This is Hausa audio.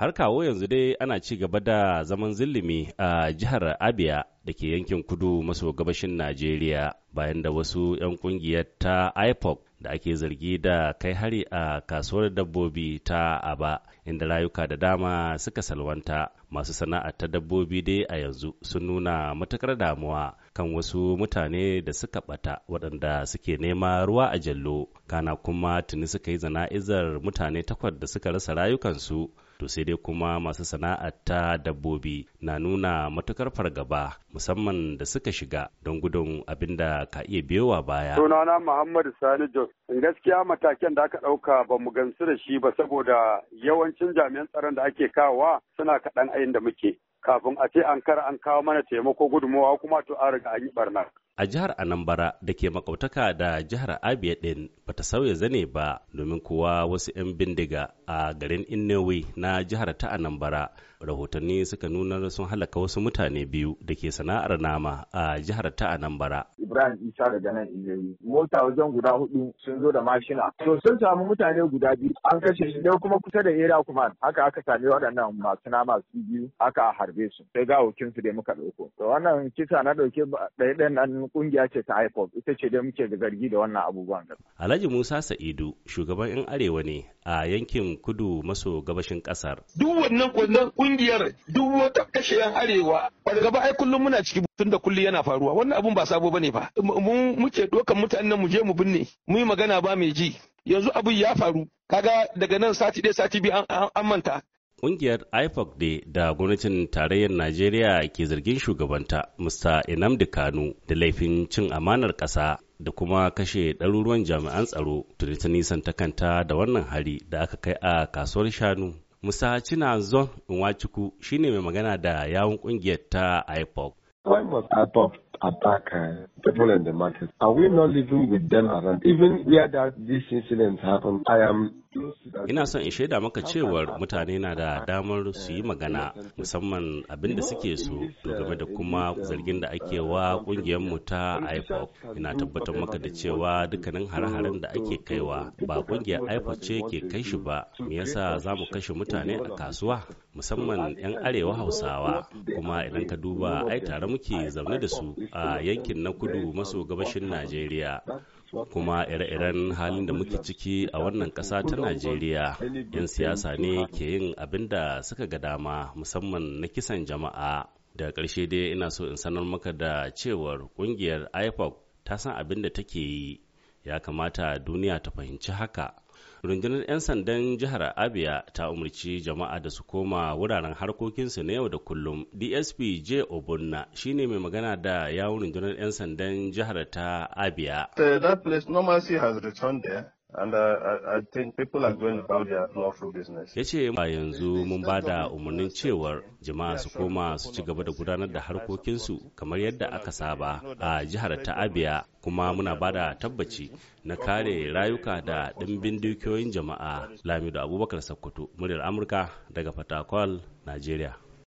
har kawo yanzu dai ana ci gaba da zaman zillimi a jihar abia da ke yankin kudu maso gabashin najeriya bayan da wasu 'yan kungiyar ta ipoc da ake zargi da kai hari a kasuwar dabbobi ta aba inda rayuka da dama suka salwanta masu sana'a ta dabbobi dai a yanzu sun nuna matukar damuwa kan wasu mutane da suka bata waɗanda suke nema ruwa a jallo kana kuma tuni suka yi zana'izar mutane takwas da suka rasa rayukansu to sai dai kuma masu sana'a ta dabbobi na nuna matukar fargaba musamman da suka shiga don gudun abin da ka iya biyowa baya. Sunana Muhammadu Sani Jos, gaskiya mataken da aka ɗauka ba mu gansu da shi ba saboda yawancin jami'an tsaron da ake kawowa suna kaɗan ayin da muke. Kafin a ce an kara an kawo mana taimako gudunmawa kuma to an riga an yi barna. a jihar anambra da ke makautaka da jihar abia din bata sauya zane ba domin kuwa wasu 'yan bindiga a garin innewe na jihar ta anambra rahotanni suka nuna sun halaka wasu mutane biyu da ke sana'ar nama a jihar ta anambra Ibrahim Isa daga nan Ijeyi. Mota wajen guda hudu sun zo da mashina. To sun samu mutane guda biyu an kashe shi ne kuma kusa da Era command haka aka sami waɗannan masu nama su biyu aka harbe su. Sai ga su da muka ɗauko. To wannan kisa na ɗauke ɗaya ɗayan nan ƙungiya ce ta IPOP ita ce da muke da zargi da wannan abubuwan. Alhaji Musa Sa'idu shugaban 'yan Arewa ne a yankin kudu maso gabashin kasar. Duk wannan kwallon kungiyar duk wata kashe arewa fargaba ai kullum muna ciki tun da kulli yana faruwa wannan abun ba sabo bane ba. Mun muke dokan mutanen mu je mu binne mu yi magana ba mai ji yanzu abin ya faru kaga daga nan sati ɗaya sati biyu an manta Ƙungiyar IFOC de da gwamnatin tarayyar Najeriya ke zargin shugabanta Mr. inamdi Kanu da laifin cin amanar ƙasa da kuma kashe ɗaruruwan jami'an tsaro tuni ta nisan ta kanta da wannan hari da aka kai a kasuwar shanu. Musa Cina Zon Nwachukwu shine mai magana da yawun ƙungiyar ta IFOC. Why was IPOP attack uh, people in the market? Are we not living with them around? Even where that, this incident happened, I am ina son in shaida maka cewar mutane na da damar su yi magana musamman abin da suke so to game da kuma zargin da ake wa mu ta ipop ina tabbatar maka da cewa dukkanin hare-haren da ake kaiwa ba kungiyar ipop ce ke kai shi ba me yasa za mu kashe mutane a kasuwa musamman 'yan arewa hausawa kuma idan ka duba ai tare muke zaune da su a yankin na kudu maso gabashin najeriya kuma ire-iren halin da muke ciki a wannan ƙasa ta najeriya 'yan siyasa ne ke yin abin da suka ga dama musamman na kisan jama'a da ƙarshe dai ina so in sanar maka da cewar ƙungiyar ipoc ta san abin da take yi ya kamata duniya ta fahimci haka rundunar 'yan sandan jihar abia ta umarci jama'a da su koma wuraren harkokinsu na yau da kullum dsp j obunna shine mai magana da yawon rundunar 'yan sandan jihar ta abia eh, place has And uh, Ya ce a yanzu mun ba da umarnin cewar jama'a su koma su ci gaba da gudanar da harkokinsu kamar yadda aka saba a jihar ta Abia kuma muna ba da tabbaci na kare rayuka da ɗimbin dukiyoyin jama'a Lamido Abubakar Sakkwato, muryar Amurka daga Fatakwal, Najeriya.